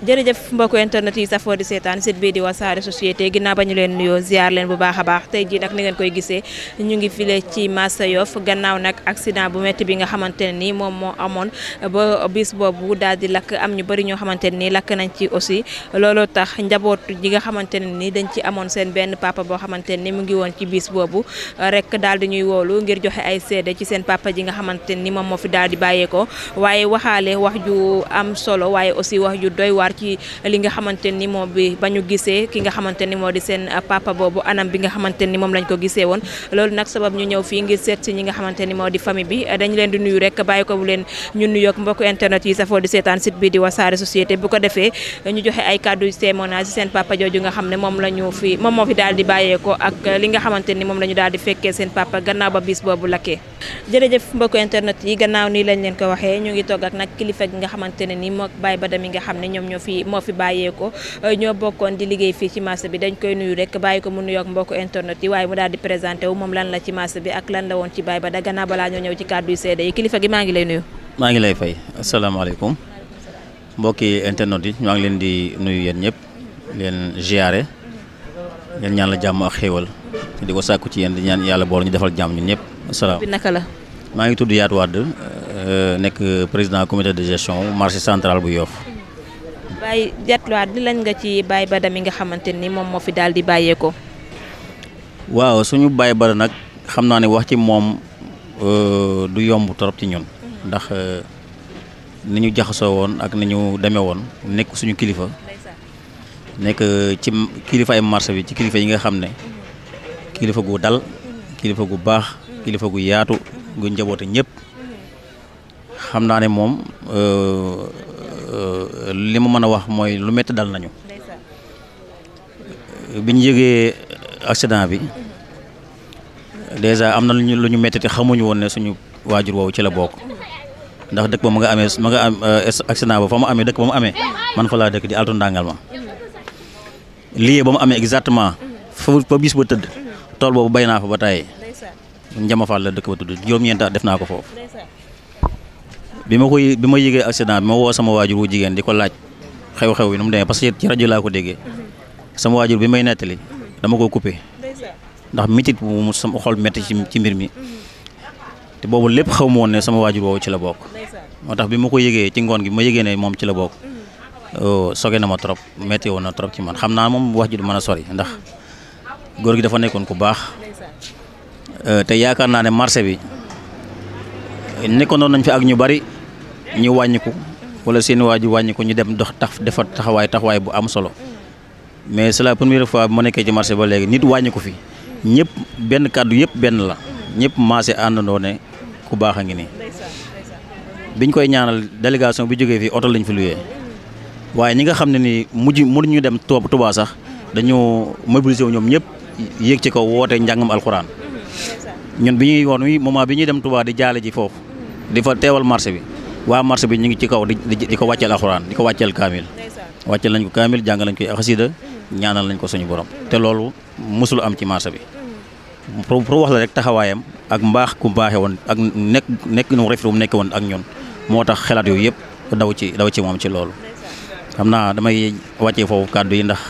jërëjëf mbokku internet yi safoo di seetaan site bii di wasaare société ginnaaw ba ñu leen nuyoo ziar leen bu baax a baax tey jii nag ni ngeen koy gisee ñu ngi file ci Massa Yoff gannaaw nag accident bu metti bi nga xamante ne nii moom moo amoon ba bis boobu daal di lakk am ñu bëri ñoo xamante ne nii lakk nañ ci aussi looloo tax njaboot ji nga xamante ne nii dañ ci amoon seen benn papa boo xamante ne ni mu ngi woon ci biis boobu rek daal di ñuy woolu ngir joxe ay seede ci seen papa ji xamante ne moom moo fi daal di bàyyeekoo waaye waxaale wax ju am solo waaye aussi wax ju doy waar waar ci li nga xamante ni moom bi ba ñu gisee ki nga xamante ni moo di seen papa boobu anam bi nga xamante ni moom lañ ko gisee woon loolu nag sabab ñu ñëw fii ngir seet si ñi nga xamante ni moo di famille bi dañ leen di nuyu rek bàyyi ko bu leen ñu nuyoog mbokk internet yi safoo di seetaan site bi di wasaare société bu ko defee ñu joxe ay kàddu témoignage si seen papa jooju nga xam ne moom la ñu fi moom moo fi daal di bàyyeekoo ak li nga xamante ni moom la ñu daal di fekkee seen papa gannaaw ba bis boobu lakkee jërëjëf mbokk internet yi gannaaw nii lañ leen ko waxee ñu ngi toog ak nag kilifa gi nga xamante ne ni moo baay ba dami nga xam ne ñoom ñoo fii moo fi bàyyeekoo euh, ñoo bokkoon di liggéey fii ci marché bi dañ koy nuyu rek bàyyi ko mu nuyoog mbokk internet yi waaye mu daal di présenté wu moom lan la ci marché bi ak lan la woon ci Baye Bada gannaaw balaa ñoo ñëw ci kàddu yu seede yi kilifa gi maa ngi lay nuyu. maa ngi lay fay asalaamaaleykum mbokki internet yi ñoo ngi leen di nuyu yéen ñëpp leen ziare leen ñaan la jàmm ak xéewal di ko sàkku ci yéen di ñaan yàlla bool ñu defal jàmm ñun ñëpp asalaam naka la maa ngi tudd Yaat Wade euh, nekk président comité de gestion marché central bu Yoff Baye Diatloir di lañ nga ci Baye Bada mi nga xamante ni moom moo fi daal di ko waaw suñu Baye Bada nag xam naa ne wax ci moom euh, du yomb trop ci ñun. Mhm. ndax euh, ni ñu jaxasoo woon ak ni ñu demee woon nekk suñu kilifa. nekk euh, ci kilifa ay marché bi ci kilifa yi nga xam ne mhm. kilifa gu dal mhm. kilifa gu baax kilifa gu yaatu gu njaboote ñëpp xam naa ne moom. li ma mën a wax mooy lu métti dal nañu biñ yëgee accident bi dèjà am na lu ñu lu ñu métti xamuñu woon ne suñu waajur woowu ci la bokk ndax dëkk ba ma nga amee ma nga am euh, accident ba fa mu amee dëkk ba mu amee man fa laa dëkk di altu ndàngal ma lii ba mu amee exactement fa fa bis ba tëdd tool boobu bay naa fa ba tey njama la dëkk ba tudd juróom-ñeent def naa ko foofu. bi ma koy bi ma yëgee accident bi ma woo sama waajur wu jigéen di ko laaj xew-xew yi nu mu demee parce que ci rajo laa ko déggee sama waajur bi may nettali dama koo coupé ndax mitit bu mu sama xol metti ci ci mbir mi te boobu lépp xaw ma woon ne sama waajur woowu ci la bokk moo tax bi ma ko yëgee ci ngoon gi ma yëgee ne moom ci la bokk oh, soge na ma trop na trop ci man xam naa moom wax ji du man a sori ndax góor gi dafa nekkoon ku baax eh, te yaakaar naa ne marché bi nekkoon nañ fi ak ñu bari ñu wàññiku wala seen waa ji wàññiku ñu dem dox tax defar taxawaay taxawaay bu am solo mais c'est la première fois bi ma nekkee ci marché ba léegi nit wàññiku fi ñëpp benn kàddu yëpp benn la ñëpp maase àndandoo ne ku baax a ngi nii biñ koy ñaanal délégation bi jógee fii oto lañ fi luyee waaye ñi nga xam ne ni mujj mënuñu dem Tuubaa sax dañoo mobilisé wu ñoom ñëpp yéeg ci kaw woote njàngam alxuraan ñun bi ñuy woon wi moment bi ñuy dem Tuubaa di jaale ji foofu di fa teewal marché bi waa marché bi ñu ngi ci kaw di di ko wàcceel alxuraan di ko wàcceel kaamil wàcceel lañ ko kaamil jàng lañ koy xasida ñaanal nañ ko suñu borom te loolu musul am ci marché bi mm-hmm. pour pour wax la rek taxawaayam ak mbaax ku baaxe woon ak nekk nekk nu refet mu nekk woon ak ñun moo tax xelaat yooyu yëpp daw ci daw ci moom ci loolu xam naa damay wàccee foofu kàddu yi ndax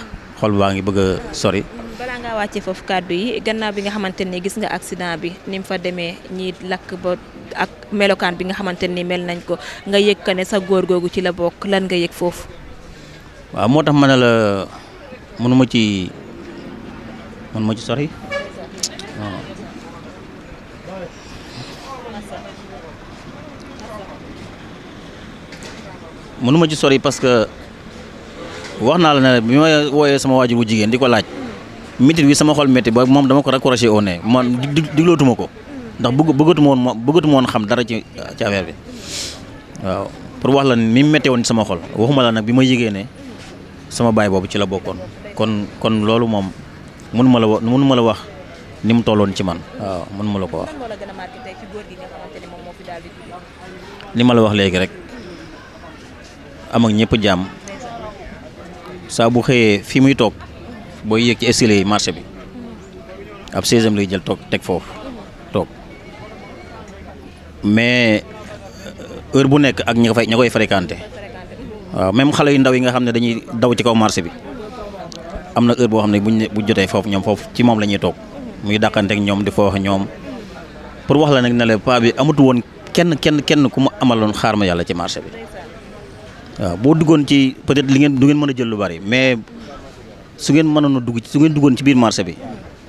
xol baa ngi bëgg a sori balaa ngaa wàccee foofu kàddu yi gannaaw bi nga xamante ni gis nga accident bi ni mu fa demee ñii lakk boo ak melokaan bi nga xamante ni mel nañ ko nga yëg ka ne sa góor googu ci la bokk lan nga yëg foofu. waaw moo tax ma ne la mënu ci mënu ma ci sori waaw. mënu ma ci sori parce que wax naa la ne bi ma wooyee sama waajur bu jigéen di ko laaj. métit bi sama xol métti ba moom dama ko raccroché au nez man diglootuma ko ndax bëgg bëggatuma woon moom bëggatuma xam dara ci ci bi waaw pour wax la ni mu méttee woon sama xol waxuma la nag bi ma yëgee sama baay boobu ci la bokkoon kon kon loolu moom mënuma la wax mënuma la wax ni mu tolloon ci man waaw mënuma la ko wax li ma la wax léegi rek am ak ñëpp jàmm saa bu xëyee fi muy toog booy yéeg ci escalier yi marché bi ab seizième lay jël toog teg foofu toog mais euh, heure bu nekk ak ña koy ña koy fréquenté waaw même xale yu ndaw yi nga xam ne dañuy daw ci kaw marché bi am na heure boo xam ne buñ bu jotee foofu ñoom foofu ci moom la ñuy toog muy dàqanteeg ñoom di wax ñoom pour wax la nag ne la paa bi amatuwoon kenn kenn kenn ku mu amaloon xaar ma yàlla ci marché bi waaw boo duggoon ci peut li ngeen du ngeen mën a jël lu bari mais. su ngeen mënoon dugg su ngeen duggoon ci biir marché bi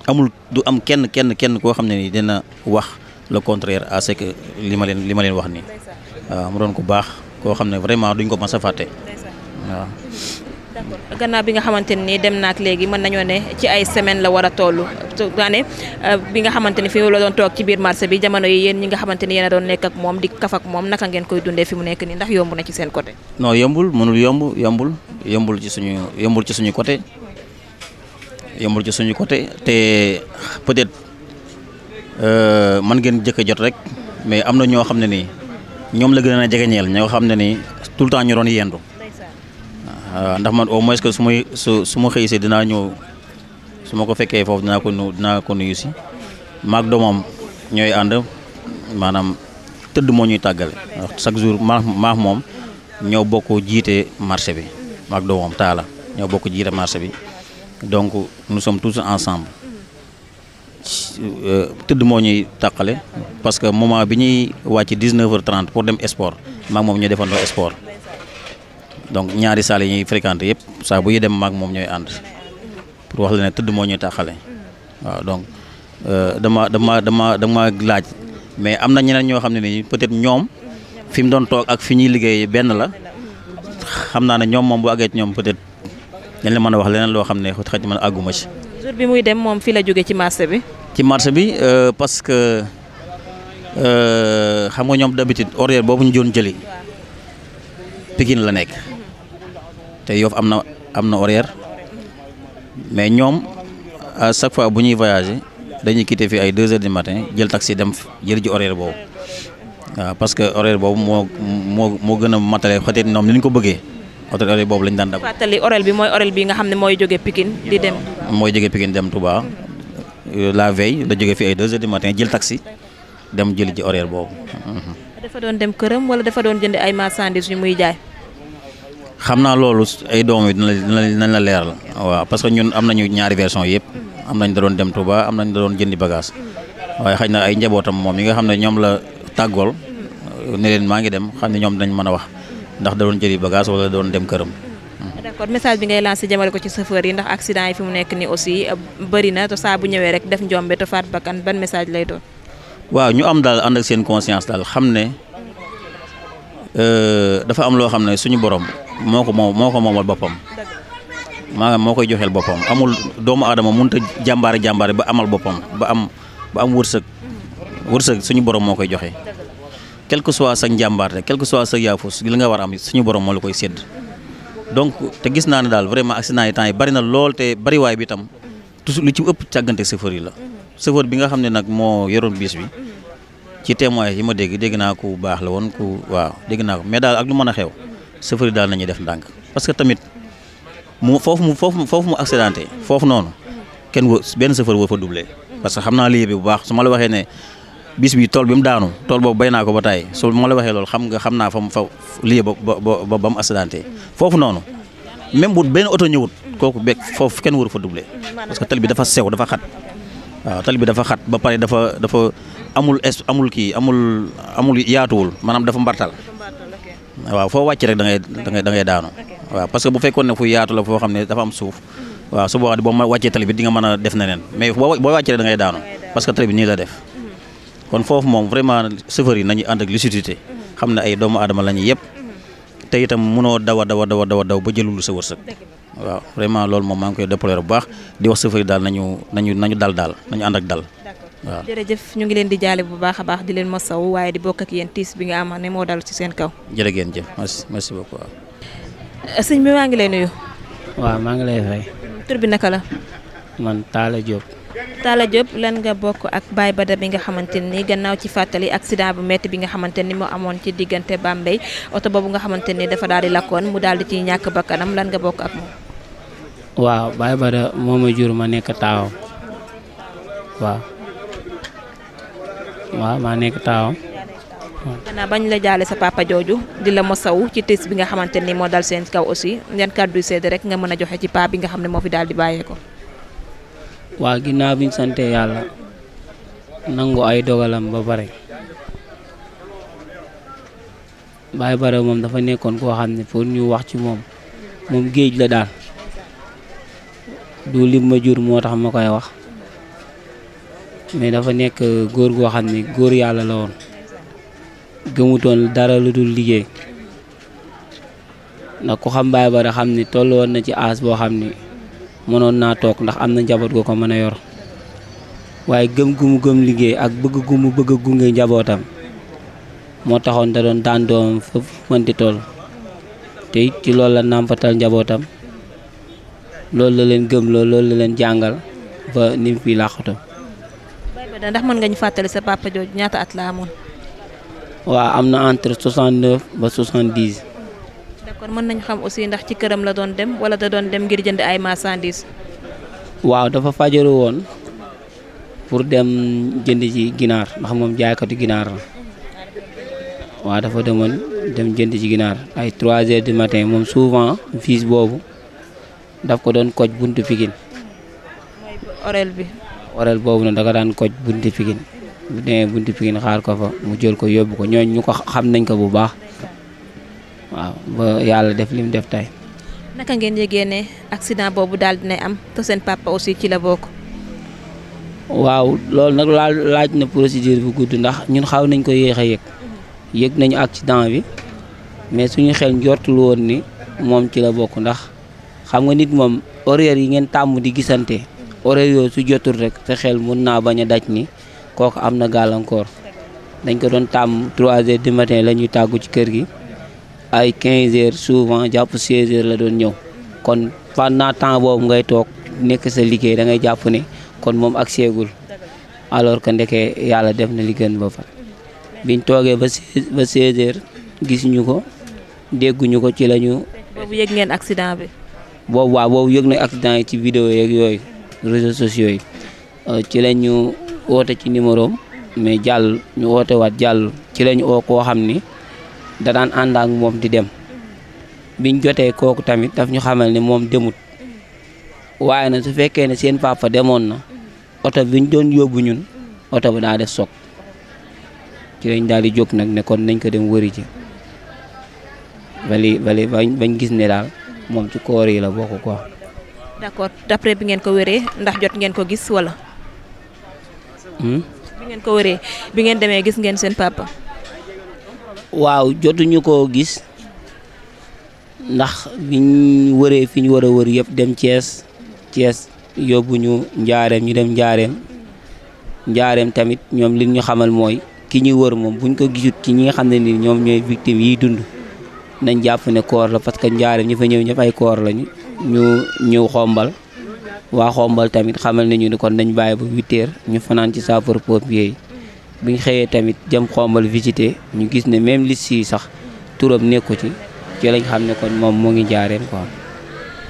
amul du am kenn kenn kenn koo xam ne ni dena wax le contraire à ce que li ma leen li ma leen wax nii waaw mu doon ko baax koo xam ne vraiment duñ ko mas a fàtte waaw. d'accord gannaaw bi nga xamante ni dem naak léegi mën nañoo ne ci ay semaine la war a toll daane euh, bi nga xamante ni fi la doon toog ci biir marché bi jamono yi yéen ñi nga xamante ni yéen a doon nekk ak moom di kaf moom naka ngeen koy dundee fi mu nekk nii ndax yomb na ci seen côté. non yombul mënul yomb yombul yombul ci suñu yombul ci suñu côté yombul ci suñu côté te peut-être euh, man ngeen jëkk a jot rek mais am na ñoo xam ne nii ñoom la gën a jege jegeñeel ñoo xam ne nii tout le temps ñu doon yendu ndax man au moins que su may su su ma xëy si dinaa ñëw su ma ko fekkee foofu dinaa ko nu dinaa ko nuyu si maag doomam ñooy ànd maanaam tëdd moo ñuy tàggale chaque jour ma maax moom ñoo bokk jiite marché bi maag doomam taala ñoo bokk jiite marché bi donc nous sommes tous ensemble euh, tëdd moo ñuy tàqale parce que moment bi ñuy wàcc 19 heures 30 pour dem sport maag moom ñooy defandoo sport donc ñaari salle yi ñuy fréquenté yëpp saa bu ñuy dem maag moom ñooy ànd pour wax la ne tëdd moo ñuy tàqale waaw donc euh, dama dama dama dama laaj mais am na ñeneen ñoo xam ne ni peut-être ñoom fi mu doon toog ak fi ñuy liggéey benn la xam naa ne ñoom moom bu àggee ñoom peut-être. dañ la mën a wax leneen loo xam ne xaj man àgguma ci. jour muy dem moom fii la jóge ci marché bi. ci marché bi euh, parce que euh, xam nga ñoom d'habitude horaire boobu ñu doon jëli Pikine la nekk te Yoff am na am na horaire mais ñoom à chaque fois bu ñuy voyager dañuy quitter fii ay deux heures du matin jël taxi dem jël ji horaire boobu waaw parce que horaire boobu moo moo moo gën a matale peut-être ñoom ñu ko bëggee. hôtel Orel boobu lañ daan dab. fàttali Orel bi mooy Orel bi nga xam ne mooy jóge Pikine di dem. mooy jóge Pikine dem Touba euh, la veille la jóge fi ay 2 heures du jël taxi dem jël ji Orel boobu. Mhm. dafa doon dem këram wala dafa doon jënd ay marchandises yu muy jaay. xam naa loolu ay doom yi dina la leeral waaw parce que ñun am nañu ñaari version yëpp am nañ da doon dem Touba am nañ da doon jëndi bagage waaye xëy na ay njabootam moom yi nga xam ne ñoom la tàggool ne leen maa ngi dem xam ne ñoom dañ mën a wax. ndax da doon jëri bagage wala doon dem këram. d'accord message bi ngay lancé jëmale ko ci chauffeur yi ndax accident yi fi mu nekk ni aussi euh, bëri na te saa bu ñëwee rek def njombe te faat bakkan ban message lay doon. waaw ñu am daal ànd ak seen conscience daal xam ne euh, dafa am loo xam ne suñu borom moo ko moom moo ko moomal boppam. maanaam moo koy joxeel boppam amul doomu aadama mënut a jàmbaare jàmbaare ba amal boppam ba am ba am wërsëg wërsëg suñu borom moo koy joxe quel que sa njàmbaarte quel que soit sa yaafus li nga war a am suñu borom moo la koy sédd donc te gis naa ne daal vraiment accident yi temps yi bari na lool te bariwaay bi tam toujours lu ci ëpp càggante chauffeur yi la. chauffeur bi nga xam ne nag moo yoroon bis bi ci témoin yi ma dégg dégg naa ko baax la woon ku waaw dégg naa ko mais daal ak lu mën a xew chauffeur daal nañuy def ndànk parce que tamit mu foofu mu foofu mu foofu mu accidenté foofu noonu kenn wo benn chauffeur woo fa doublé parce que xam naa liggéey bi bu baax su ma la waxee ne. bis bi tool bi mu daanu tool boobu bay naa ko ba taay su ma la waxee loolu xam nga xam naa fa mu fa foofu noonu même bu benn oto ñëwut kooku beeg foofu kenn waru fa doublé parce que tali bi dafa sew dafa xat waaw tali bi dafa xat ba pare dafa dafa amul es amul kii amul amul yaatuwul maanaam dafa mbartal waaw foo wàcc rek da ngay da ngay da ngay daanu waaw parce que bu la foo xam ne dafa am suuf waaw su boobaa boo ma wàccee a def na neen mais boo boo wàccee rek da parce que tali bi nii la def. kon foofu moom vraiment chauffeur yi nañu ànd ak lucidité xam ne ay doomu aadama la ñu yëpp te itam mënoo daw a daw a daw daw ba jëlulu sa wërsëg waaw vraiment loolu moom maa ngi koy déplorer bu baax di wax chauffeur daal nañu nañu nañu dal daal nañu ànd ak dal waaw jërëjëf ñu ngi leen di jaale bu baax a baax di leen masaw waaye di bokk ak yéen tiis bi nga am ne moo dal ci seen kaw. jërë ngeen jëf merci merci beaucoup. Euh, sëñ bi maa ngi lay nuyu. waaw maa ngi lay fay. tur bi naka la. man Talla Diop. Talla Diop lan nga bokk ak Baye Bada bi nga xamante ni gannaaw ci fàttali accident bu metti bi nga xamante ni moo amoon ci diggante Bambey oto boobu nga xamante ni dafa daal di lakkoon mu daal di ci ñàkk bakkanam lan nga bokk ak waaw moo ma jur ma nekk taawam waaw waaw maa nekk taawam. gannaaw bañ la jaale sa papa jooju di la mosaw ci tiis bi nga xamante ni moo dal seen kaw aussi yan kàddu yu sedd rek nga mën a joxe ci paa bi nga xam ne moo fi daal di bàyyee ko. waa ginnaaw bi ñu sante yàlla nangu ay dogalam ba pare Baye Bara moom dafa nekkoon koo xam ne pour ñu wax ci moom moom géej la daal du lim ma jur moo tax ma koy wax mais dafa nekk góor goo xam ne góor yàlla la woon gëmutoon dara lu dul liggéey ndax ku xam Baye Bara xam ne tollu woon na ci as boo xam ni mënoon naa toog ndax am na njaboot gu ko mën a yor waaye gëm gu mu gëm liggéey ak bëgg gu mu bëgg a gunge njabootam moo taxoon da daan doomam fépp mën di toll te it ci loolu la nàmpatal njabootam loolu la leen gëm loolu lool la leen jàngal ba ni mu fi làqatu. ndax mën nga ñu fàttali sa papa jooju ñaata at la amoon. waaw am na entre 69 ba 70. kon mën nañ xam aussi ndax ci këram la doon dem wala da doon dem ngir jënd ay marchandises. waaw dafa fajaru woon pour dem jënd ci ginaar ndax moom jaaykatu ginaar la waaw dafa demoon dem jënd ci ginaar ay trois heures du matin moom souvent fils boobu daf ko doon koj buntu Pikine. mooy orel bi. orel boobu noonu da daan koj buntu Pikine bu demee buntu Pikine xaar ko fa mu jël ko yóbbu ko ñooñ ñu ko xam nañ ko bu baax. waaw ba yàlla def li mu def tey. naka ngeen yëgee ne accident boobu daal dina am te seen aussi ci la bokk. waaw loolu nag laal laaj na procédure bu gudd ndax ñun xaw nañ ko yéex a yëg yëg nañu accident bi mais suñu xel njortul woon ni moom ci la bokk ndax xam nga nit moom horaire yi ngeen tàmm di gisante horaire yooyu su jotul rek sa xel mun naa bañ a daj ni kooku am na gàllankoor dañ ko doon tàmm trois heures du matin la ñuy tàggu ci kër gi. ay 15 heures souvent jàpp 16 heures la doon ñëw kon pendant temps boobu ngay toog nekk sa liggéey da ngay jàpp ni kon moom ak seegul alors que ndekee yàlla def na li gën ba fa biñ toogee ba ba 16 heures gisuñu ko dégguñu ko ci lañu boobu yëg ngeen accident bi. boobu waaw boobu yi ci vidéo yeeg yooyu réseaux sociaux euh, ci la ñu woote ci numéro mais jàll ñu woote waat jàll ci la oo koo xam ni. da daan moom di dem biñ jotee kooku tamit daf ñu xamal ne moom demut waaye nag su fekkee ne seen papa demoon na oto biñ doon yóbbu ñun oto bi daa def soog ci lañ daal di jóg nag nekkoon nañ ko dem wëri ji bali bali bañ gis ne daal moom ci koor yi la bokk quoi. d'accord bi ngeen ko wéree ndax jot ngeen ko gis wala. Hmm? bi ngeen ko wéree bi ngeen demee gis ngeen seen papa. waaw jotuñu ko gis ndax bi wëree fi ñu war a wër yëpp dem cees Thiès yóbbu ñu njaareem ñu dem njaareem njaareem tamit ñoom li ñu xamal mooy ki ñuy wër moom buñ ko gisut ci ñi nga xam ne nii ñoom ñooy victime yiy dund nañ jàpp ne koor la parce que njaareem ñu fa ñëw ñëpp ay koor la ñu ñëw xombal waa xombal tamit xamal nañu ni kon nañ bàyyi bu huit ñu fanaan ci sapeur pompier yi bi ñu xëyee tamit jëm xombal visité ñu gis ne même liste yi sax turam nekku ci ci xam ne kon moom moo ngi jaareem quoi.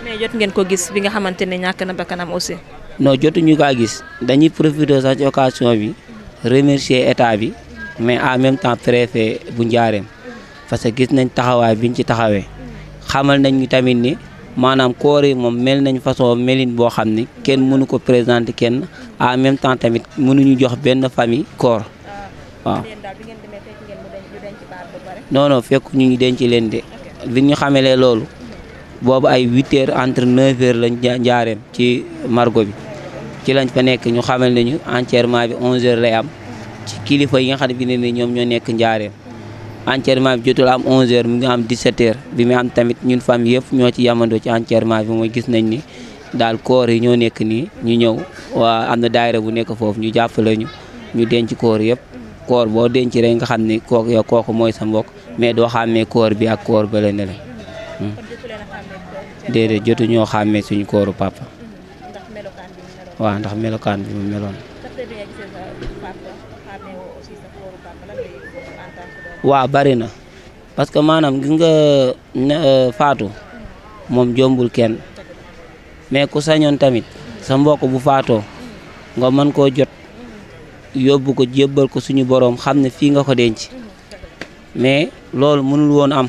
mais jot ngeen ko gis bi nga xamante ne ñàkk na bakkanam aussi. non jotuñu kaa gis dañuy profité sax ci occasion bi remercier état bi mais en même temps préfet bu njaareem parce que gis nañ taxawaay biñ ci taxawee xamal nañ ñu tamit ni maanaam koor yi moom mel nañu façon melin boo xam ne kenn mënu ko présenter kenn en même temps tamit mënuñu jox benn famille koor. waaw non fekk ñu ngi denc leen de li ñu xamelee loolu boobu ay huit entre neuf heures lañ njaareem ci margo bi ci lañ fa nekk ñu xamal nañu enterrement bi onze heures lay am ci kilifa yi nga xam ne bi ne ne ñoom ñoo nekk njaareem enterrement bi jotul am onze heures mu ngi am dix-sept bi mu am tamit ñun fam yëpp ñoo ci yamandoo ci enterrement bi mooy gis nañ ni daal koor yi ñoo nekk nii ñu ñëw waa am na daayira bu nekk foofu ñu jàppale ñu ñu denc koor yëpp koor boo denc rek nga xam ni kooku yow kooku mooy sa mbokk mais doo xam xàmmee koor bi ak koor bële ne la hmm. déedéet jotu ñoo xàmmee suñu kooru papa waaw ndax melokaan bi mu meloon waa bari na parce que maanaam gis nga euh, faatu moom jombul kenn mais ku sañoon tamit sa mbokk bu faato nga mën koo jot yóbbu ko jébbal ko suñu boroom xam ne fii nga ko denc mais loolu mënul woon am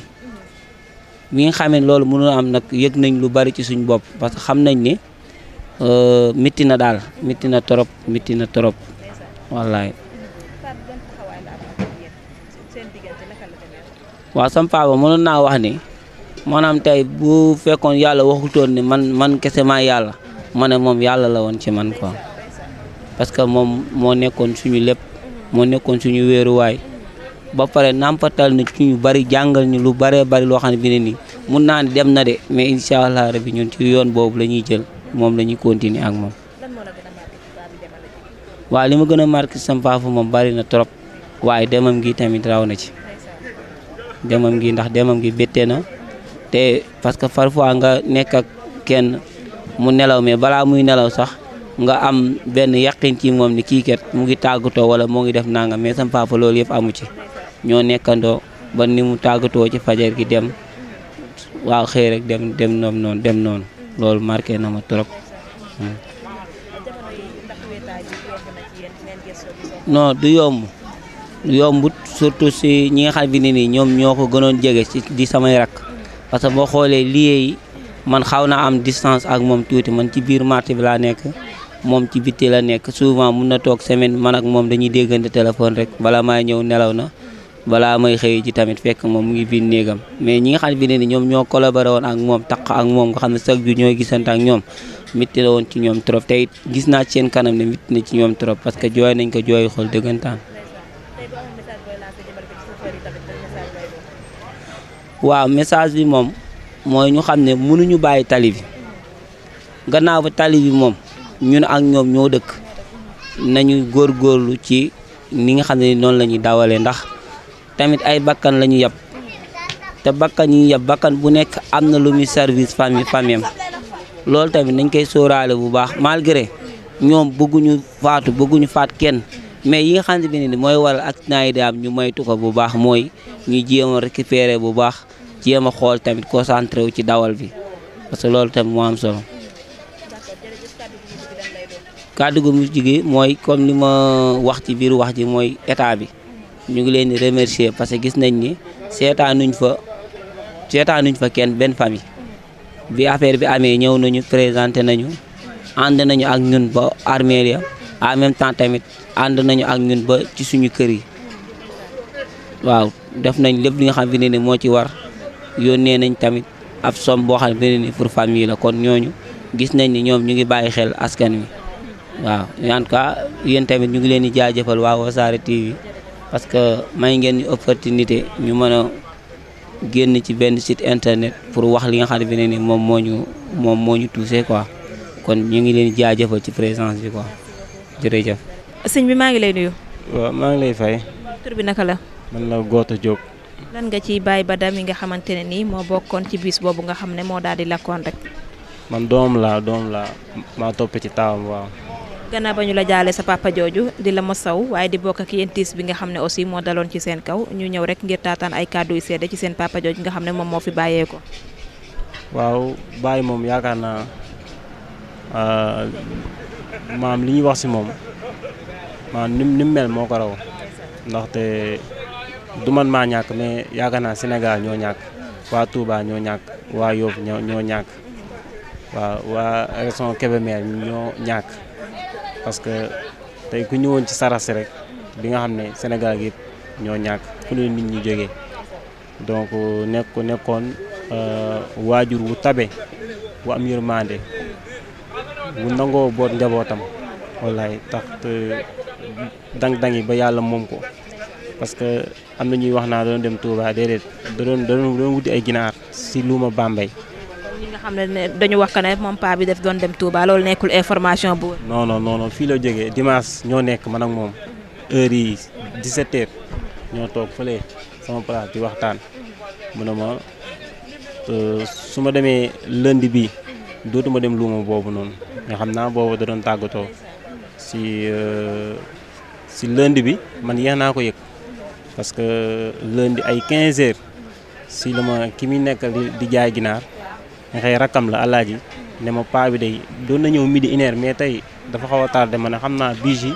mi nga xamee loolu mënul am nag yëg nañ lu bari ci suñu bopp parce que xam nañ ne euh, mitti na daal mitti na torop mitti na torop wallaay waa sama papa mënoon naa wax ne maanaam tey bu fekkoon yàlla waxutoon ne man man kese maa yàlla ma ne moom yàlla la woon ci man quoi parce que moom moo nekkoon suñu lépp moo nekkoon suñu wéeruwaay ba pare nàmpatal na ci ñu bari jàngal ñu lu baree bari loo xam ne bi ne nii mun naan dem na de mais incha allah rabi ñun ci yoon boobu la ñuy jël moom la ñuy continuer ak moom. waaw li ma gën a marqué sama moom bari na trop waaye demam gi tamit raw na ci demam gi ndax demam ngi béttee na te parce que parfois nga nekk ak kenn mu nelaw mais balaa muy nelaw sax. nga am benn yaqin ci moom ni kii kat mu ngi tàggatoo wala moo ngi def nangam mais sama papa yëpp amu ci ñoo nekkandoo ba ni mu tàggatoo ci fajar gi dem waaw xëy rek dem dem noonu noonu dem noonu loolu marqué na ma trop. du yomb du yombut surtout si ñi nga xam bi ne nii ñoom ñoo ko gënoon jege ci di samay rakk parce que boo xoolee liggéey man xaw na am distance ak moom tuuti man ci biir marché bi laa nekk. moom ci bitti la nekk souvent mun na toog semaine man moom dañuy déggante téléphone rek bala may ñëw nelaw na balaa may xëy ci tamit fekk moom mu ngi biir néegam mais ñi xam ne ni ñoom ñoo collaboré woon ak moom taq ak moom nga xam ne chaque jour ñooy gisante ak ñoom métti woon ci ñoom trop gis naa seen kanam ne métti na ci ñoom trop parce que jooy nañ ko jooy xool dëggantaan. waaw message bi moom mooy ñu xam ne mënuñu bàyyi tali bi gannaaw ba tali bi moom. ñun ak ñoom ñoo dëkk nañu góorlu ci ni nga xam ne noonu la ñuy dawalee ndax tamit ay bakkan la ñu yab te bakkan yi ñu yab bakkan bu nekk am na lu muy service famille famille loolu tamit nañ koy sóoraale bu baax malgré ñoom bëgguñu faatu bëgguñu faat kenn mais yi nga xam ne bi ne mooy waral ak yi di am ñu moytu ko bu baax mooy ñu jéem a récupérer bu baax jéem a xool tamit concentré wu ci dawal bi parce que loolu tamit moo am solo kàddu gu mujj gi mooy comme li ma wax ci biir wax ji mooy état bi ñu ngi leen di remercier parce que gis nañ ni seetaan seetaanuñ fa seetaanuñ fa kenn benn famille bi affaire bi amee ñëw nañu présenté nañu ànd nañu ak ñun ba armeel ya en même temps tamit ànd nañu ak ñun ba ci suñu kër yi waaw def nañ lépp li xam bi ne ni moo ci war yónnee nañ tamit ab somme boo xam ne ni pour famille la kon ñooñu gis nañ ni ñoom ñu ngi bàyyi xel askan wi waaw en tout cas yéen tamit ñu ngi leen di jaajëfal waaw Wassare TV parce que may ngeen ñu opportunité ñu mën a génn ci benn site internet pour wax li nga xam ne nii moom moo ñu moom moo ñu touché quoi kon ñu ngi leen di jaajëfal ci présence bi quoi jërëjëf. sëñ bi maa ngi lay nuyu. waaw maa ngi lay fay. tur bi naka la. man la Goota Diop. lan nga ciy bàyyi ba dam nga xamante ne nii moo bokkoon ci biis boobu nga xam ne moo daal di lakkoon rek. man doom laa doom laa maa topp ci taawam waaw. gannaaw ba ñu la jaale sa papa jooju di la ma saw waaye di bokk ak yéen tiis bi nga xam ne aussi moo daloon ci seen kaw ñu ñëw rek ngir taataan ay kàddu yu seede ci seen papa jooju nga xam ne moom moo fi bàyyee ko. waaw bàyyi moom yaakaar naa euh, maam li ñuy wax si moom maam ni ni mel moo ko raw ndaxte du man maa ñàkk mais yaakaar naa Sénégal ñoo ñàkk waa Touba ñoo ñàkk waa Yoff ñoo ñoo ñàkk waa waa région Kébémer ñoo ñàkk. parce que tey ku ñëwoon ci saras rek bi nga xam ne Sénégal gi ñoo ñàkk fu ne nit ñi jógee donc euh, nekk nekkoon euh, waajur wu tabe wu am yërmande wu nangoo boot njabootam wallaay tax dang-dang yi ba yàlla moom ko parce que am na ñuy wax naa doon dem Touba déedéet da da doon wuti ay ginaar si luuma Bambey xam ne dañu wax ne moom paa bi def doon dem Touba loolu nekkul information bu. non noonu fii la jógee dimanche ñoo nekk man ak moom heure yi 17h ñoo toog fële sama place di waxtaan mu ne ma euh, su ma demee lënd bi dootuma dem luuma boobu noonu nga xam naa boobu da doon tàggatoo si euh, si lënd bi man yéex naa ko yëg parce que euh, lundi ay quinze h si la ma ki muy nekkal di jaay ginaar. nga xëy rakkam la alaaji ne ma paa bi day doon na ñëw midi une heure mais tey dafa xaw a tardé ma ne xam naa biis yi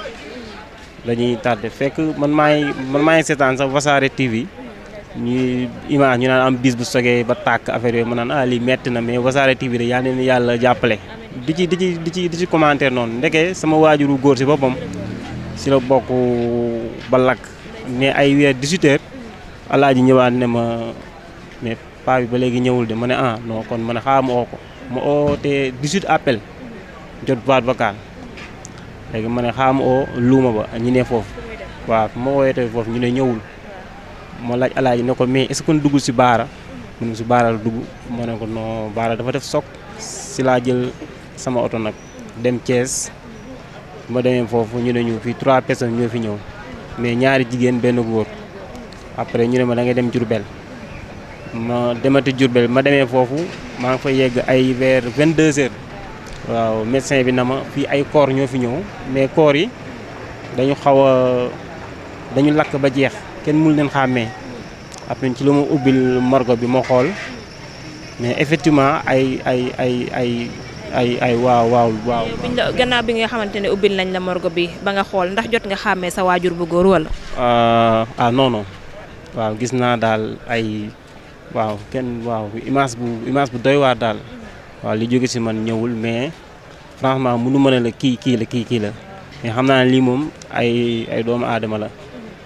la ñuy tardé fekk man maa ngi maa ngi seetaan sax Wassare TV ñuy image ñu naan am bis bu sogee ba tàkk affaire yooyu ma naan ah lii metti na mais Wassare TV de yaa neen yàlla jàppale. di ci di ci di ci di ci commentaire noonu ndeke sama waajuru góor si boppam si la bokk ba lakk ne ay weer 18 heures ñëwaat ne ma mais paa bi ba léegi ñëwul de ma ne ah non kon ma ne xaaral oo ko ma oo te 18 appel jot boîte vocale léegi ma ne oo luuma ba ñu ne foofu waaw ma wooyee tamit foofu ñu ne ñëwul ma laaj alaaji ne ko mais est-ce dugg si baara mu si baara la dugg ma ne ko non baara dafa def soog si laa jël sama oto nag dem Thiès ma demee foofu ñu ne ñu fii trois personnes ñoo fi ñëw mais ñaari jigéen benn góor après ñu ne ma da ngay dem Diourbel ma demati Diourbel ma demee foofu maa nga fa yegg ay vers 22 heures waaw médecin bi na ma fii ay koor ñoo fi ñëw mais koor yi dañu xaw a dañu lakk ba jeex kenn mënu leen xàmmee après ci lu ma ubbil morgue bi ma xool mais effectivement ay ay ay ay ay ay waaw waaw waaw. biñ la gannaaw bi nga xamante ne ubbil nañ la morgue bi ba nga xool ndax jot nga xàmmee sa waajur bu góor wala. Euh, ah non waaw gis naa daal ay. waaw kenn waaw image bu image bu doy waar daal waaw li jóge si man ñëwul mais franchement mënu ma la kii kii la kii kii la mais xam naa ne lii moom ay doomu aadama la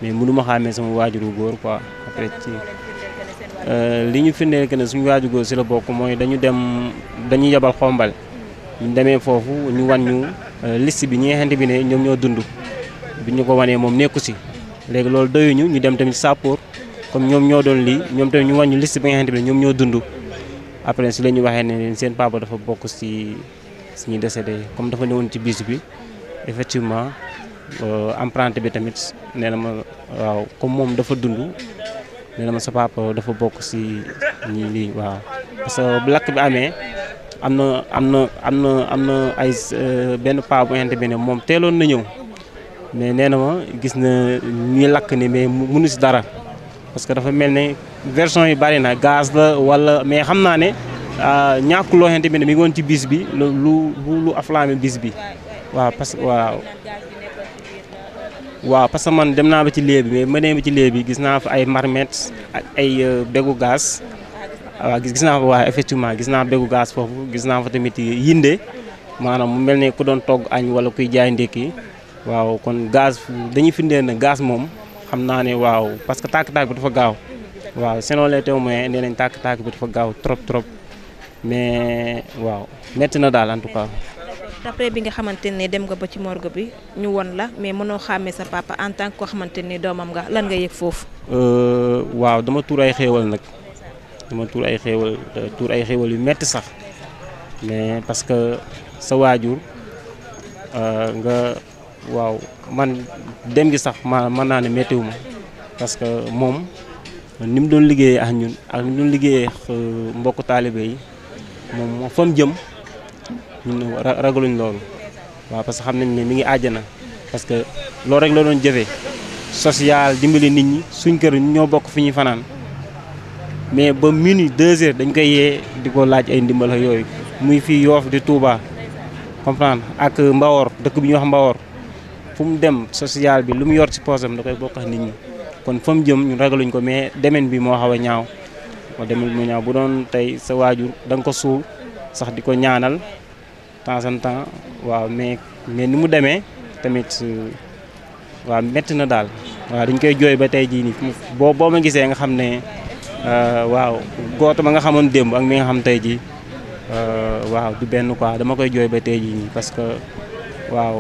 mais mënu ma xàmmee waajur góor quoi après ci euh, li ñu firndeel que ne suñu waajur góor si la bokk mooy dañu dem dañu yebal xombal ñu demee foofu ñu wan ñu euh, liste bi ñeexante bi ne ñoom ñoo dund bi ñu ko wanee moom nekku si léegi loolu doyuñu ñu dem tamit sàppoor comme ñoom ñoo doon lii ñoom tamit ñu wàññi liste bi nga xamante ne ñoom ñoo dund après si la ñu waxee ne seen papa dafa bokk si suñuy décédé comme dafa newoon ci bis bi effectivement euh, empreinte bi tamit nee na ma waaw comme moom dafa dund nee dafa bokk si lii waaw parce que bu lakk bi amee am na am na am na am na ay euh, benn paa bu xamante bi ne moom teeloon na ñëw mais nee na ma gis na ñi lakk ni mais mënu si dara parce que dafa mel ne version yi bari na gaz la wala mais xam naa ne euh, ñàkk loo xamante ne mi ngi ci bis bi lu lu lu aflaame bis bi waaw parce que waaw. parce que man dem naa ba ci lee bi mais ma ba ci lee bi gis naa fa ay marmite ak ay euh, bégu gaz waaw gis naa fa waaye effectivement gis naa bégu gaz foofu gis naa fa tamit yinde maanaam mu mel ne ku doon togg añ wala kuy jaay ndékki waaw kon gaz dañuy firndeel na gaz moom. xam naa ne waaw parce que tàkk-tàkk bi dafa gaaw waaw sinon les témoins nee nañ tàkk-tàkk bi dafa gaaw trop trop mais waaw metti na daal en tout bi nga xamante ne dem nga ba ci morgue bi ñu won la mais mënoo xàmmee sa papa en tant que koo xamante ni doomam nga lan nga yëg foofu. Euh, waaw dama tuur ay xéewal nag dama tuur ay xéewal euh, tuur ay xéewal yu metti sax mais parce que sa waajur euh, nga waaw. man dem gi sax ma mën naa ne méttiwu ma parce que moom ni mu doon liggéeyee ak ñun ak ni mu doon liggéeyee ak euh, mbokku taalibe yi moom fa mu jëm ñun ragaluñ loolu waaw parce que xam nañ ne mi ngi àjjana parce que loolu rek la doon jëfee social dimbali nit ñi suñ kër ñoo bokk fi ñuy fanaan mais ba minuit deux dañ koy yee di ko laaj ay ndimbal yooyu muy fii Yoof di Touba comprendre ak Mbawor dëkk bi ñuy wax Mbawor fu mu dem social bi lu mu yor ci poosam da koy bokk ak nit ñi kon fa mu jëm ñun ragaluñ ko mais demen bi moo xaw a ñaaw moo demen bi moo bu doon tey sa waajur danga ko suul sax di ko ñaanal temps en temps waaw mais mais ni mu demee tamit waaw métti na daal waaw dañ koy jooy ba tey jii nii boo boo ma gisee nga xam ne euh, waaw gooto ma nga xamoon démb ak mi nga xam tey jii euh, waaw du benn quoi dama koy jooy ba tey jii nii parce waaw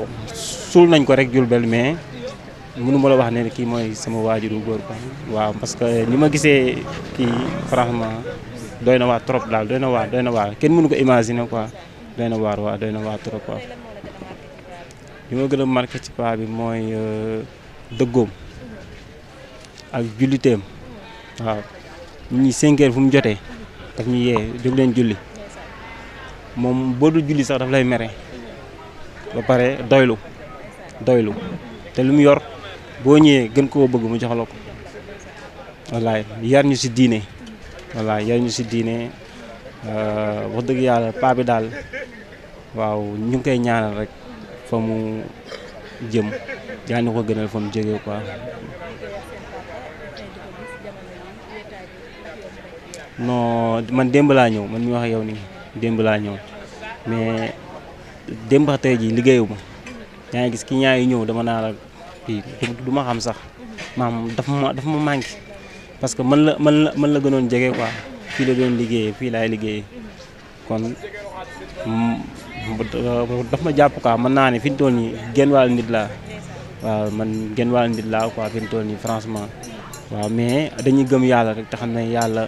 suul nañ ko rek Diourbel mais mënuma la wax ne kii mooy sama waajuru góor ko waaw parce que ni ma gisee kii franchement doy na waar trop daal doy na waar doy na waar kenn mënu ko imaginer quoi doy na waar waaw na waar trop quoi. li ma gën a marqué ci paa bi mooy euh, dëggoom ak julliteem waaw ñi cinq heures fu mu jotee daf ñu yee jóg leen julli moom boo dul julli sax daf lay mere ba pare doylu doylu te lu mu yor boo ñëwee gën koo bëgg mu jox la ko wallaay yar ñu si diine wallaay yar ñu si diine euh, wax dëgg yàlla paa bi daal waaw ñu ngi koy ñaanal rek fa mu jëm yaa ni ko gënal fa mu jógee quoi non man démb laa ñëw man mi wax yow nii démb laa ñëw mais démb tey jii liggéeyu yaa ngi gis ki ñaay ñëw dama naa la kii du ma xam sax maam daf ma dafa manqué parce que man la man la man la gënoon jege quoi fii la doon liggéeyee fii laay liggéeyee kon mm, daf ma jàpp quoi mën naa ne fi mu toll nii genn wàll nit laa waaw man gen wàll nit laa ko fi mu toll franchement waaw mais dañuy gëm yàlla rek te xam ne yàlla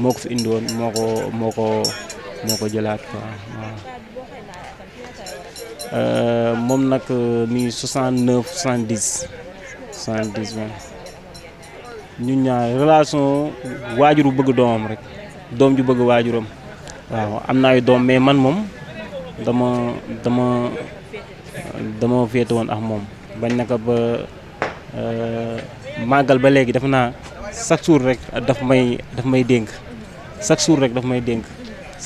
moo ko fi indiwoon moo ko moo ko moo ko jëlaat quoi waaw Euh, moom nag euh, mi 69 70 70 waaw ñun ñaar relation waajur bu bëgg doomam rek doom ju bëgg waajuram waaw am naa ay doom mais man moom dama dama dama féete woon ak moom bañ naka ba euh, màggal ba léegi def naa chaque jour rek daf may daf may dénk chaque jour rek daf may dénk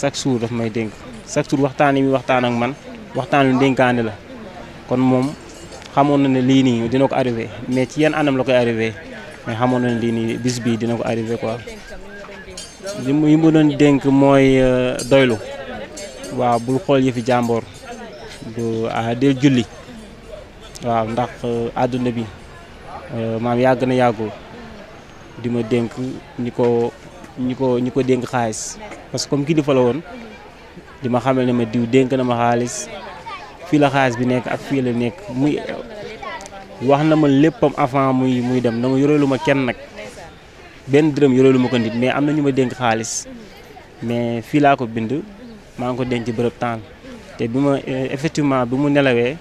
chaque jour daf may dénk chaque jour waxtaan yi muy waxtaan ak man waxtaan lu dénkaane la kon moom xamoon na ne lii nii dina ko arrivé mais ci yan anam la koy arrivé mais xamoon na ne lii nii bis bii dina ko arrivé quoi yi mu doon dénk mooy euh, doylu waaw bul xool yëfi jàmboor du ah del julli waaw ndax euh, àdduna bi euh, maam yàgg na yàggul di ma dénk ñi ko ñi ko ñi ko dénk xaalis parce que comme kilifa la woon di ma xamal ne ma diw dénk na ma xaalis fii la xaalis bi nekk ak fii la nekk muy wax na ma léppam avant muy muy dem na ma yoreelu ma kenn nag benn dërëm yoreelu ma ko nit mais am na ñu ma dénk xaalis mais fii laa ko bind maa ngi ko denc bërëb temps te bi ma euh, effectivement bi mu nelawee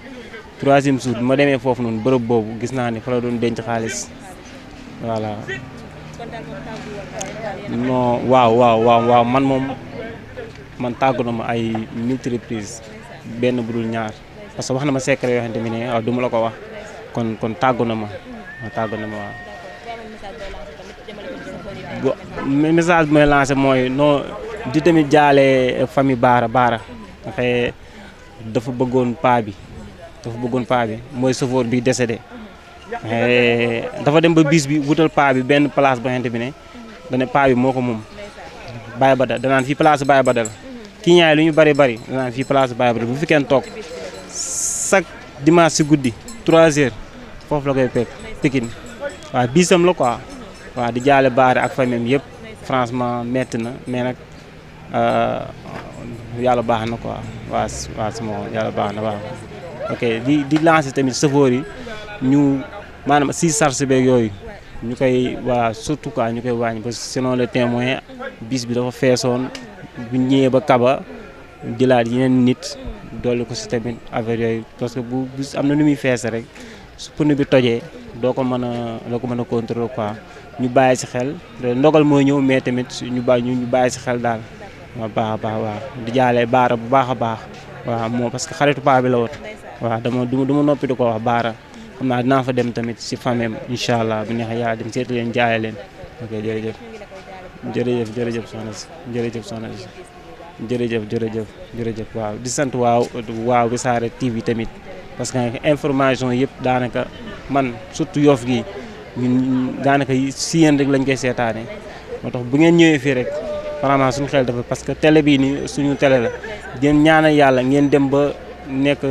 troisième jour ma demee foofu noonu bërëb boobu gis naa ne fa la doon denc xaalis voilà. non waaw waaw waaw man moom man tàggu na ma ay multi reprises benn bu dul ñaar parce que wax na ma secret yoo xamante ne waaw du ma la ko wax kon kon tàggu na ma waaw na ma waaw. message mooy noo di tamit jaale famille Baara Baara eh, dafa bëggoon paa bi dafa bëggoon paa bi mooy chauffeur bi décédé eh, dafa dem ba bis bi wutal paa bi benn place ba bi ne dane paa bi moo ko moom Baye Bada danaan fii place Baye Bada la client yi lu ñu bari bari danaan fii place Baye Abdou bu fi kenn toog chaque dimanche si guddi trois heures foofu la koy fekk Pikine waaw biisam la quoi di jaale baare ak famille yëpp franchement metti na mais nag euh, yàlla baax na quoi waa waa sama yàlla baax na waaw ok di di tamit safoor yi ñu maanaam si sarse beeg yooyu ñu koy waa surtout quoi ñu koy wàññi parce que selon le témoin bis bi dafa feesoon bu ñëwee ba kaba jëlaat neen nit dolli ko si tamit affaire yooyu parce que bu am na nu muy fees rek su pneu bi tojee doo ko mën a doo ko mën a contrôler quoi ñu bàyyi si xel ndogal moo ñëw mais tamit ñu ba ñu bàyyi si xel daal waaw baax a baax waaw di jaalee baara bu baax a baax waa moo parce que xaritu paa bi la woon waa dama du ma noppi di ko wax baara xam naa dinaa fa dem tamit si famem incha allah bu neexee yaa dem seeti leen jaale leen jërëjëf jërëjëf soxna si jërëjëf soxna si jërëjëf jërëjëf jërëjëf waaw di sant waaw waaw Wassare TV tamit parce que information yëpp daanaka man surtout yoof gi ñun daanaka si yéen rek lañ koy seetaane moo tax bu ngeen ñëwee fii rek vraiment suñu xel dafa parce que télé bii suñu télé la ngeen ñaanal yàlla ngeen dem ba nekk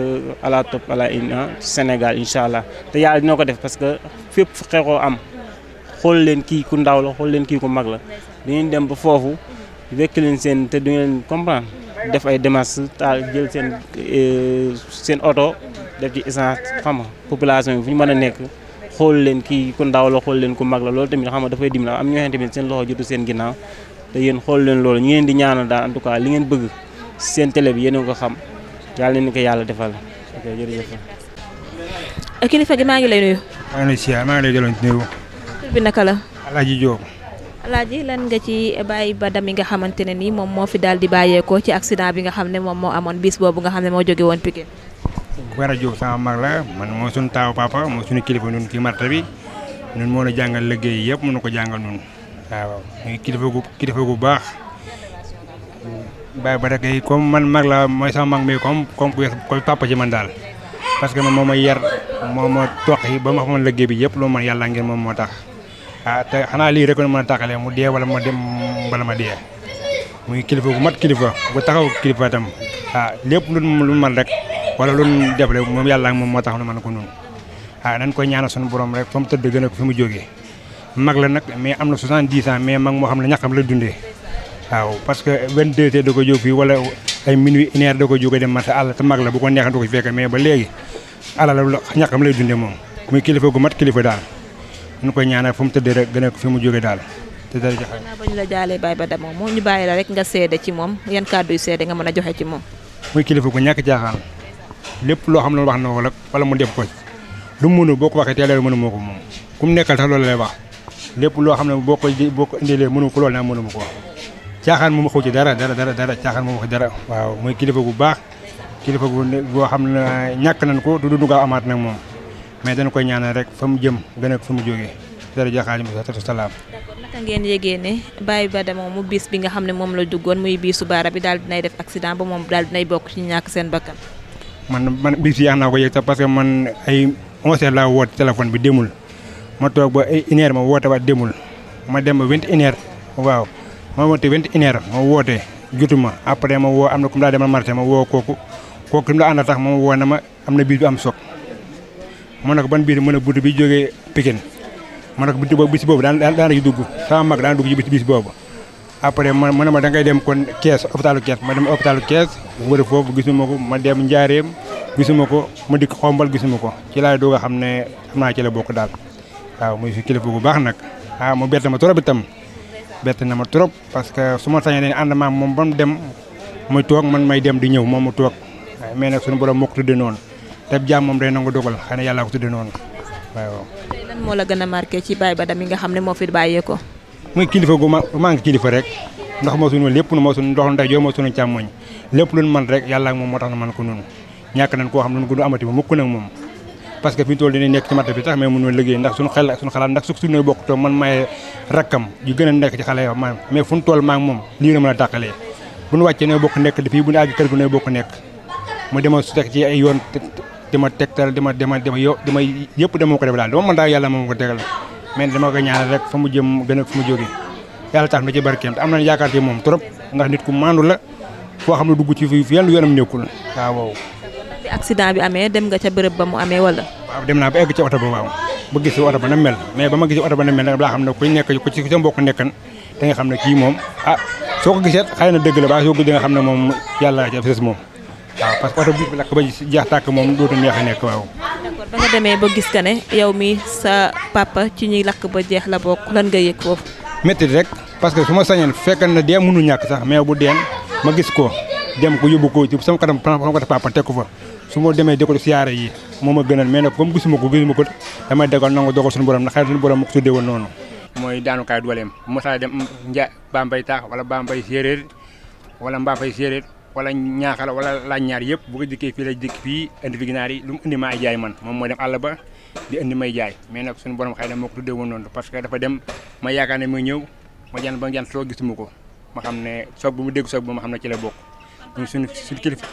à la top à la ah, Sénégal incha allah te yàlla dina ko def parce que fépp xeexoo am xool leen kii ku ndaw la xool leen kii ku mag la dañuy dem ba foofu wekk leen seen te du ngeen comprendre def ay démarches taal jël seen eh, seen oto def ci essence xam nga population bi fu ñu a nekk xool leen kii ku ndaw la xool leen ku mag la loolu tamit xam nga dafay dimbali am ñoo xam tamit seen loxo jotu seen ginnaaw te yéen xool ñu ngeen di ñaanal daal en tout cas li ngeen bëgg seen télé bi yéen ko xam yàlla nañu ko yàlla defal ok bi naka la. Alaaji Diop. Alaaji lan nga ci bàyyi ba dam nga xamante ne nii moom moo fi daal di bàyyeekoo ci accident bi nga xam ne moom moo amoon bis boobu nga xam ne moo jóge woon Pikine. Bara Diop sama la man mooy suñu taaw suñu kilifa ñun marta bi ñun moo la jàngal liggéey yëpp mënu ko jàngal ñun waaw muy kilifa gu kilifa gu baax. Baye Bara kay comme man mag la mooy sama mag mi comme comme koy papa ci man daal parce que man ma yar moo ma toq yi ba ma xamoon liggéey bi yëpp lu man yàlla ngeen moom moo tax. ah te xanaa lii rek mën a tàqalee mu dee wala ma dem wala ma dee muy kilifa bu mat kilifa bu taxaw kilifa itam ah lu lu man rek wala lu mu def rek moom yàlla moom moo tax nu mën ko noonu ah nañ koy ñaanal suñu borom rek fa mu tëdd gën a fi mu jógee mag la nag mais am na 70 ans mais mag moo xam ne ñaxam la dundee waaw parce que 22 heures da ko jóg fii wala ay minuit une heure da ko jóg dem marché àll te mag la bu ko neexee du mais ba léegi àll la ñaxam lay dundee moom muy kilifa gu mat kilifa daal. ñu koy ñaanal fu mu tëddee rek gën a fi mu jóge daal la jaalee baay ba dama moo ñu bàyyi la rek nga seede ci moom yan kàddu yu seede nga mën a joxe ci moom muy kilifa gu ñàkk jaaxaan lépp loo xam ne wax na ko wala mu def ko lu mu mënu boo ko waxee teelal mënu moo ko moom ku mu nekkal sax loolu lay wax lépp loo xam ne boo ko boo ko indilee mënu ko loolu naa mënu ma ko wax caaxaan moom waxu ci dara dara dara dara caaxaan moom waxu dara waaw muy kilifa gu baax kilifa gu boo xam ne ñàkk nañ ko du dundu gaaw amaat nag moom mais dana koy ñaanal rek fa mu jëm gën a fa mu jógee dara jaaxaale mu sax salaam. d'accord naka ngeen yëgee ne Baye Bada moomu bis bi nga xam ne moom la duggoon muy biisu baara bi daal dinay def accident ba moom daal nay bokk ci ñàkk seen bakkan. man man bis yi yàq naa ko parce que man ay 11 heures laa téléphone bi demul ma ay une ma woote waat demul ma dem ba vingt une heure ma woote vingt une heure ma woote jotuma après ma woo am na ku mu laa demal ma woo kooku kooku li mu la àndal tax ma woo na ma am na bis bu am soog. mu nag ban biir mu na bunt bi jógee Pikine mu ne ko bunt boobu bis boobu daan daan ci dugg sama mag daan dugg ma mu ma da ngay dem kon Thiès hôpitalu Thiès ma dem hôpitalu Thiès wër foofu gisuma ko ma dem Njaareem gisuma ko ma dikk xombal gisuma ko ci laay doog a xam ne xam naa ci la bokk daal waaw muy fi kilifa bu baax nag ah mu bett ma trop itam bett na ma trop parce que su ma sañee dañu ànd maam moom ba dem muy toog man may dem di ñëw moom mu toog ah, mais nag suñu borom moo ko noonu te jaam moom day nangu dogal xëy na yàllaa ko tudde noonu waaw. tey lan moo la gën a marqué ci Baye Bada mi nga xam ne moo fi bàyyee ko. muy kilifa gu ma maa ngi kilifa rek ndax moo suñu lépp lépp lu ñu mën rek yàlla ak fi ñu toll dina nekk ci matt bi tax mais mënoo liggéey ndax suñu xel ak suñu xalaat ndax su suñu bokk toog man maay rakkam yu gën a nekk ci xale yoo maam mais fu ñu toll maa moom lii la mën a tàqalee bu ñu wàccee di ma tegtal di ma di ma di ma yo di ma ko def daal dama mën daal yàlla moom ko ko ñaanal rek fa mu jëm gën a fa mu jóge yàlla tax moom trop ndax la foo xam ne dugg ci bi accident bi amee dem nga ca bërëb ba mu amee wala. waaw dem naa ba egg ci oto ba waaw ba gis oto ba na mel mais ba ma gis oto ba na mel nag laa xam ne ku nekk ku ci sa mbokk nekkan da nga xam ne kii moom ah soo ko gisee xëy na dëgg la ba soo gisee nga xam ne moom yàlla ca fës moom waaw parce que oto bi lakk ba jeex tàkk moom dootu neex a nekk waaw. d'accord ba demee ba gis ka ne yow mi sa papa ci ñuy lakk ba jeex la bokk lan nga yëg foofu. métti rek parce que su ma sañoon fekk na dee mënu ñàkk sax mais bu deen ma gis ko dem ko yóbbu ko ci sama kanam sama ko papa teg ko fa su ma ko siyaare yi moo ma gënal mais nag comme gisuma ko ko damay dagal nangu dogal suñu borom na xëy suñu borom ma ko tuddee woon noonu. mooy daanukaay dooleem mosaa dem Nja Bambey taax wala Bambey séeréer wala Mbambey séeréer wala ñaaxal wala laaj ñaar yëpp bu ko dikkee fii lay dikk fii indi fi ginaar yi lu mu indi maay jaay man moom moo dem àll ba di indi may jaay mais nag suñu borom xëy la moo ko tuddee woon noonu parce que dafa dem ma yaakaar ne ma ñëw ma jaan ba jaan soo gisuma ko ma xam ne soog bu mu dégg soog bu ma xam ne ci la bokk ñu suñu suñu kilifa